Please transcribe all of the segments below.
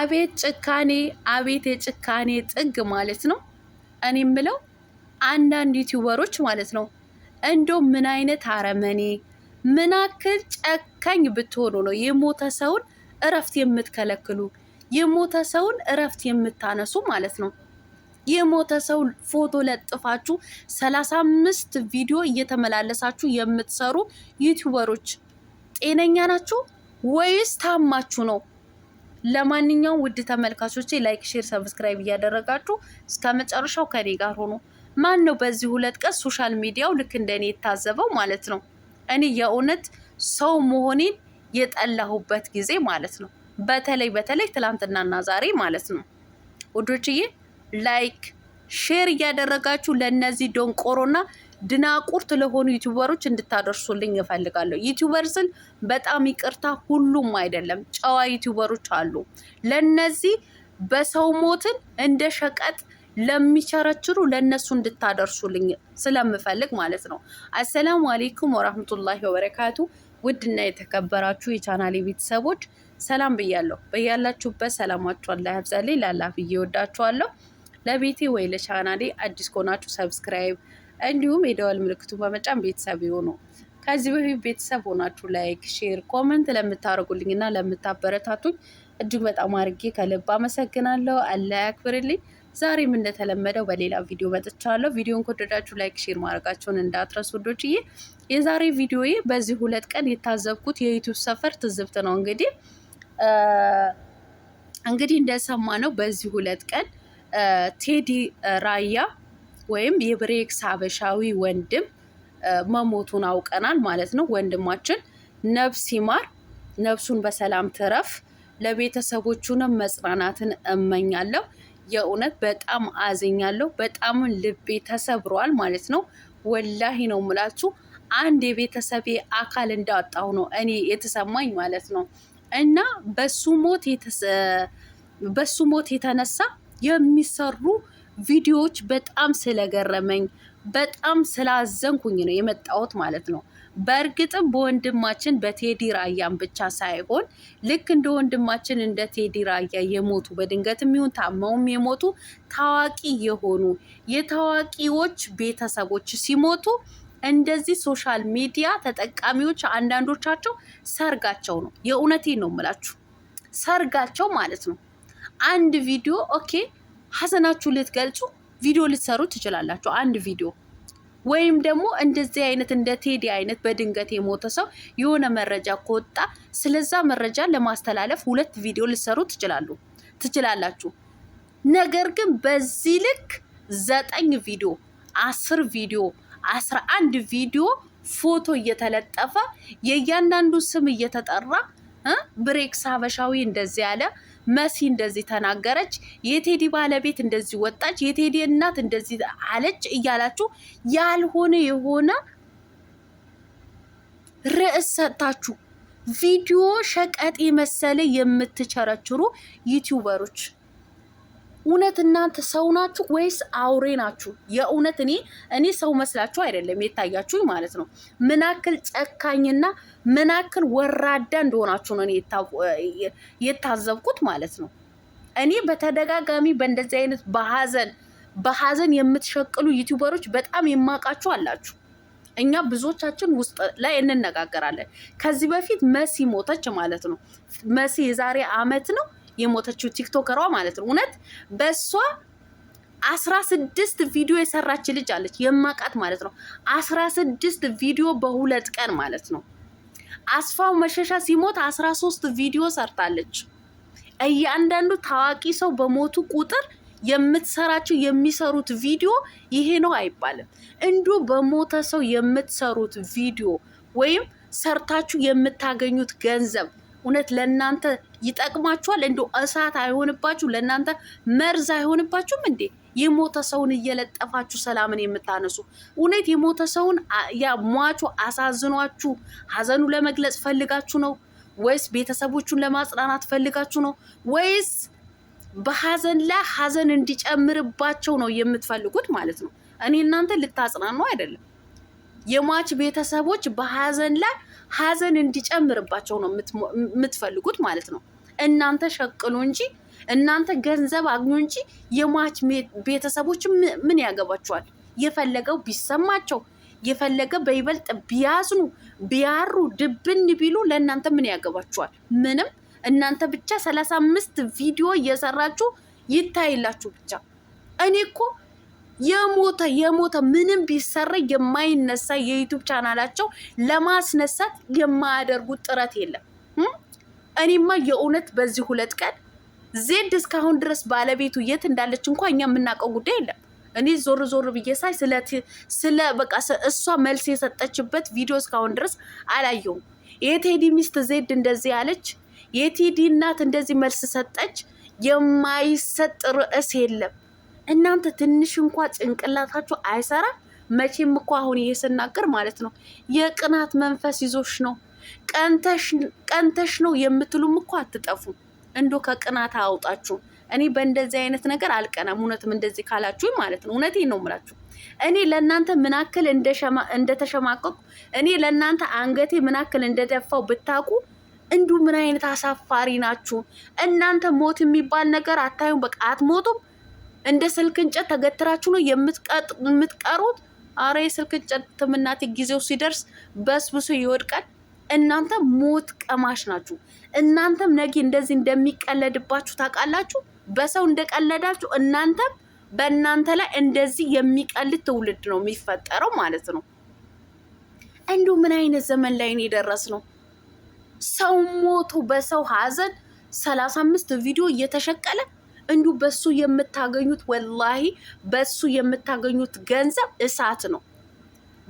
አቤት ጭካኔ፣ አቤት የጭካኔ ጥግ ማለት ነው። እኔ ምለው አንዳንድ ዩቲዩበሮች ማለት ነው እንዶ ምን አይነት አረመኔ፣ ምናክል ጨከኝ ጨካኝ ብትሆኑ ነው የሞተ ሰውን እረፍት የምትከለክሉ የሞተ ሰውን እረፍት የምታነሱ ማለት ነው። የሞተ ሰው ፎቶ ለጥፋችሁ ሰላሳ አምስት ቪዲዮ እየተመላለሳችሁ የምትሰሩ ዩቲዩበሮች ጤነኛ ናችሁ ወይስ ታማችሁ ነው? ለማንኛውም ውድ ተመልካቾቼ ላይክ፣ ሼር፣ ሰብስክራይብ እያደረጋችሁ እስከ መጨረሻው ከኔ ጋር ሆኖ ማን ነው በዚህ ሁለት ቀን ሶሻል ሚዲያው ልክ እንደኔ የታዘበው ማለት ነው። እኔ የእውነት ሰው መሆኔን የጠላሁበት ጊዜ ማለት ነው። በተለይ በተለይ ትላንትናና ዛሬ ማለት ነው። ውዶችዬ ላይክ ሼር እያደረጋችሁ ለእነዚህ ደንቆሮና ድናቁርት ለሆኑ ዩቲዩበሮች እንድታደርሱልኝ እፈልጋለሁ። ዩቲዩበር ስል በጣም ይቅርታ፣ ሁሉም አይደለም፣ ጨዋ ዩቲዩበሮች አሉ። ለነዚህ በሰው ሞትን እንደ ሸቀጥ ለሚቸረችሩ ለእነሱ እንድታደርሱልኝ ስለምፈልግ ማለት ነው። አሰላሙ አሌይኩም ወራህመቱላሂ ወበረካቱ። ውድና የተከበራችሁ የቻናሌ ቤተሰቦች ሰላም ብያለሁ። በያላችሁበት ሰላማችሁ አላህ ያብዛልኝ። ላላፍ እየወዳችኋለሁ። ለቤቴ ወይ ለቻናሌ አዲስ ከሆናችሁ ሰብስክራይብ እንዲሁም የደወል ምልክቱን በመጫን ቤተሰብ ይሁኑ። ከዚህ በፊት ቤተሰብ ሆናችሁ ላይክ፣ ሼር፣ ኮመንት ለምታደርጉልኝ እና ለምታበረታቱኝ እጅግ በጣም አድርጌ ከልብ አመሰግናለሁ። አላህ ያክብርልኝ። ዛሬም እንደተለመደው በሌላ ቪዲዮ መጥቻለሁ። ቪዲዮን ከወደዳችሁ ላይክ፣ ሼር ማድረጋችሁን እንዳትረሱ ውዶችዬ። የዛሬ ቪዲዮዬ በዚህ ሁለት ቀን የታዘብኩት የዩቱብ ሰፈር ትዝብት ነው። እንግዲህ እንግዲህ እንደሰማ ነው በዚህ ሁለት ቀን ቴዲ ራያ ወይም የብሬክስ ሀበሻዊ ወንድም መሞቱን አውቀናል ማለት ነው። ወንድማችን ነፍስ ይማር፣ ነፍሱን በሰላም ትረፍ። ለቤተሰቦቹንም መጽናናትን እመኛለሁ። የእውነት በጣም አዝኛለሁ። በጣም ልቤ ተሰብሯል ማለት ነው። ወላሂ ነው ምላችሁ አንድ የቤተሰቤ አካል እንዳጣሁ ነው እኔ የተሰማኝ ማለት ነው። እና በሱ ሞት በሱ ሞት የተነሳ የሚሰሩ ቪዲዮዎች በጣም ስለገረመኝ በጣም ስላዘንኩኝ ነው የመጣሁት ማለት ነው። በእርግጥም በወንድማችን በቴዲ ራያን ብቻ ሳይሆን ልክ እንደ ወንድማችን እንደ ቴዲ ራያ የሞቱ በድንገትም ይሁን ታመውም የሞቱ ታዋቂ የሆኑ የታዋቂዎች ቤተሰቦች ሲሞቱ እንደዚህ ሶሻል ሚዲያ ተጠቃሚዎች አንዳንዶቻቸው ሰርጋቸው ነው። የእውነቴን ነው የምላችሁ ሰርጋቸው ማለት ነው። አንድ ቪዲዮ ኦኬ ሀዘናችሁ ልትገልጹ ቪዲዮ ልትሰሩ ትችላላችሁ። አንድ ቪዲዮ ወይም ደግሞ እንደዚህ አይነት እንደ ቴዲ አይነት በድንገት የሞተ ሰው የሆነ መረጃ ከወጣ ስለዛ መረጃ ለማስተላለፍ ሁለት ቪዲዮ ልትሰሩ ትችላሉ ትችላላችሁ። ነገር ግን በዚህ ልክ ዘጠኝ ቪዲዮ፣ አስር ቪዲዮ፣ አስራ አንድ ቪዲዮ ፎቶ እየተለጠፈ የእያንዳንዱ ስም እየተጠራ ብሬክስ ሀበሻዊ እንደዚህ ያለ መሲ እንደዚህ ተናገረች፣ የቴዲ ባለቤት እንደዚህ ወጣች፣ የቴዲ እናት እንደዚህ አለች እያላችሁ ያልሆነ የሆነ ርዕስ ሰጥታችሁ ቪዲዮ ሸቀጥ የመሰለ የምትቸረችሩ ዩቲዩበሮች እውነት እናንተ ሰው ናችሁ ወይስ አውሬ ናችሁ? የእውነት እኔ እኔ ሰው መስላችሁ አይደለም የታያችሁ ማለት ነው። ምናክል ጨካኝና ምናክል ወራዳ እንደሆናችሁ ነው የታዘብኩት ማለት ነው። እኔ በተደጋጋሚ በእንደዚህ አይነት በሀዘን በሀዘን የምትሸቅሉ ዩቲዩበሮች በጣም የማውቃችሁ አላችሁ። እኛ ብዙዎቻችን ውስጥ ላይ እንነጋገራለን። ከዚህ በፊት መሲ ሞተች ማለት ነው። መሲ የዛሬ አመት ነው የሞተችው ቲክቶከሯ ማለት ነው። እውነት በእሷ አስራ ስድስት ቪዲዮ የሰራች ልጅ አለች የማቃት ማለት ነው። አስራ ስድስት ቪዲዮ በሁለት ቀን ማለት ነው። አስፋው መሸሻ ሲሞት አስራ ሶስት ቪዲዮ ሰርታለች። እያንዳንዱ ታዋቂ ሰው በሞቱ ቁጥር የምትሰራቸው የሚሰሩት ቪዲዮ ይሄ ነው አይባልም። እንዲሁ በሞተ ሰው የምትሰሩት ቪዲዮ ወይም ሰርታችሁ የምታገኙት ገንዘብ እውነት ለእናንተ ይጠቅማችኋል? እንዲ እሳት አይሆንባችሁ? ለእናንተ መርዝ አይሆንባችሁም እንዴ? የሞተ ሰውን እየለጠፋችሁ ሰላምን የምታነሱ እውነት የሞተ ሰውን ሟቹ አሳዝኗችሁ ሀዘኑ ለመግለጽ ፈልጋችሁ ነው ወይስ ቤተሰቦቹን ለማጽናናት ፈልጋችሁ ነው ወይስ በሀዘን ላይ ሀዘን እንዲጨምርባቸው ነው የምትፈልጉት ማለት ነው? እኔ እናንተ ልታጽናኑ አይደለም። የሟች ቤተሰቦች በሀዘን ላይ ሀዘን እንዲጨምርባቸው ነው የምትፈልጉት ማለት ነው። እናንተ ሸቅሉ እንጂ እናንተ ገንዘብ አግኙ እንጂ የሟች ቤተሰቦች ምን ያገባቸዋል? የፈለገው ቢሰማቸው የፈለገ በይበልጥ ቢያዝኑ ቢያሩ ድብን ቢሉ ለእናንተ ምን ያገባችኋል? ምንም። እናንተ ብቻ ሰላሳ አምስት ቪዲዮ እየሰራችሁ ይታይላችሁ ብቻ እኔ እኮ የሞተ የሞተ ምንም ቢሰራ የማይነሳ የዩቱብ ቻናላቸው ለማስነሳት የማያደርጉት ጥረት የለም። እኔማ የእውነት በዚህ ሁለት ቀን ዜድ እስካሁን ድረስ ባለቤቱ የት እንዳለች እንኳ እኛ የምናውቀው ጉዳይ የለም። እኔ ዞር ዞር ብዬ ሳይ ስለ በቃ እሷ መልስ የሰጠችበት ቪዲዮ እስካሁን ድረስ አላየውም። የቴዲ ሚስት ዜድ እንደዚህ አለች የቴዲ እናት እንደዚህ መልስ ሰጠች። የማይሰጥ ርዕስ የለም። እናንተ ትንሽ እንኳ ጭንቅላታችሁ አይሰራ። መቼም እኮ አሁን ይህ ስናገር ማለት ነው የቅናት መንፈስ ይዞሽ ነው ቀንተሽ ነው የምትሉም እኮ አትጠፉ። እንዶ ከቅናት አውጣችሁ። እኔ በእንደዚህ አይነት ነገር አልቀናም። እውነትም እንደዚህ ካላችሁ ማለት ነው እውነቴን ነው የምላችሁ። እኔ ለእናንተ ምናክል እንደተሸማቀቁ እኔ ለእናንተ አንገቴ ምናክል እንደደፋው ብታውቁ እንዱ ምን አይነት አሳፋሪ ናችሁ እናንተ። ሞት የሚባል ነገር አታዩም። በቃ አትሞቱም። እንደ ስልክ እንጨት ተገትራችሁ ነው የምትቀሩት። አረ የስልክ እንጨት ትምናቴ ጊዜው ሲደርስ በስብሶ ይወድቃል። እናንተ ሞት ቀማሽ ናችሁ። እናንተም ነጊ እንደዚህ እንደሚቀለድባችሁ ታውቃላችሁ። በሰው እንደቀለዳችሁ እናንተም በእናንተ ላይ እንደዚህ የሚቀልድ ትውልድ ነው የሚፈጠረው ማለት ነው። እንዲሁ ምን አይነት ዘመን ላይ የደረስ ነው? ሰው ሞቶ በሰው ሀዘን ሰላሳ አምስት ቪዲዮ እየተሸቀለ እንዲሁ በሱ የምታገኙት ወላሂ በሱ የምታገኙት ገንዘብ እሳት ነው።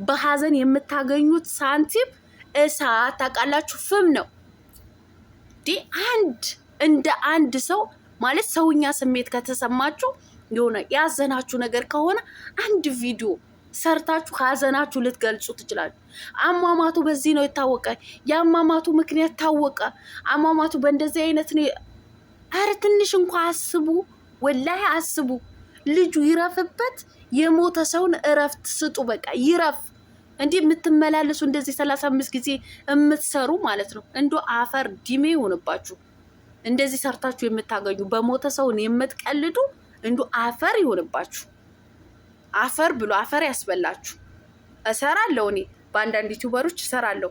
በሀዘን የምታገኙት ሳንቲም እሳት ታውቃላችሁ፣ ፍም ነው። አንድ እንደ አንድ ሰው ማለት ሰውኛ ስሜት ከተሰማችሁ የሆነ ያዘናችሁ ነገር ከሆነ አንድ ቪዲዮ ሰርታችሁ ሀዘናችሁ ልትገልጹ ትችላላችሁ። አሟሟቱ በዚህ ነው የታወቀ። የአሟሟቱ ምክንያት ታወቀ። አሟሟቱ በእንደዚህ አይነት ነው አረ ትንሽ እንኳ አስቡ፣ ወላሂ አስቡ። ልጁ ይረፍበት። የሞተ ሰውን እረፍት ስጡ። በቃ ይረፍ። እንዲህ የምትመላለሱ እንደዚህ ሰላሳ አምስት ጊዜ የምትሰሩ ማለት ነው። እንዶ አፈር ዲሜ ይሆንባችሁ። እንደዚህ ሰርታችሁ የምታገኙ በሞተ ሰውን የምትቀልዱ እንዶ አፈር ይሆንባችሁ። አፈር ብሎ አፈር ያስበላችሁ። እሰራለሁ እኔ በአንዳንድ ዩቲዩበሮች እሰራለሁ፣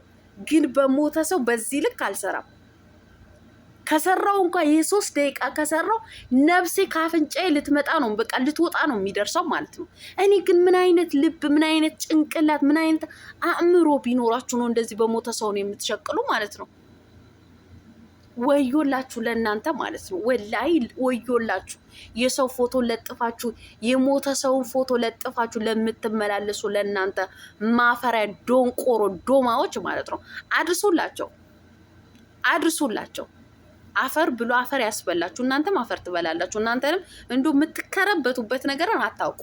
ግን በሞተ ሰው በዚህ ልክ አልሰራም። ከሰራው እንኳ የሶስት ደቂቃ ከሰራው ነፍሴ ካፍንጫዬ ልትመጣ ነው፣ በቃ ልትወጣ ነው የሚደርሰው ማለት ነው። እኔ ግን ምን አይነት ልብ፣ ምን አይነት ጭንቅላት፣ ምን አይነት አእምሮ ቢኖራችሁ ነው እንደዚህ በሞተ ሰውን የምትሸቅሉ ማለት ነው? ወዮላችሁ ለእናንተ ማለት ነው። ወላይ ወዮላችሁ። የሰው ፎቶ ለጥፋችሁ የሞተ ሰውን ፎቶ ለጥፋችሁ ለምትመላለሱ ለእናንተ ማፈሪያ ዶንቆሮ ዶማዎች ማለት ነው። አድርሱላቸው፣ አድርሱላቸው። አፈር ብሎ አፈር ያስበላችሁ፣ እናንተም አፈር ትበላላችሁ። እናንተንም እንዶ የምትከረበቱበት ነገርን አታውቁ።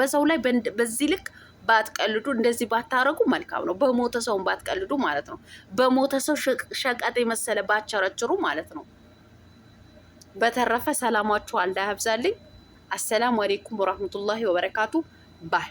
በሰው ላይ በዚህ ልክ ባትቀልዱ፣ እንደዚህ ባታረጉ መልካም ነው። በሞተ ሰውን ባትቀልዱ ማለት ነው። በሞተ ሰው ሸቀጥ የመሰለ ባቸረችሩ ማለት ነው። በተረፈ ሰላማችሁ አላህ ያብዛልኝ። አሰላሙ አሌይኩም ወራህመቱላሂ ወበረካቱ ባይ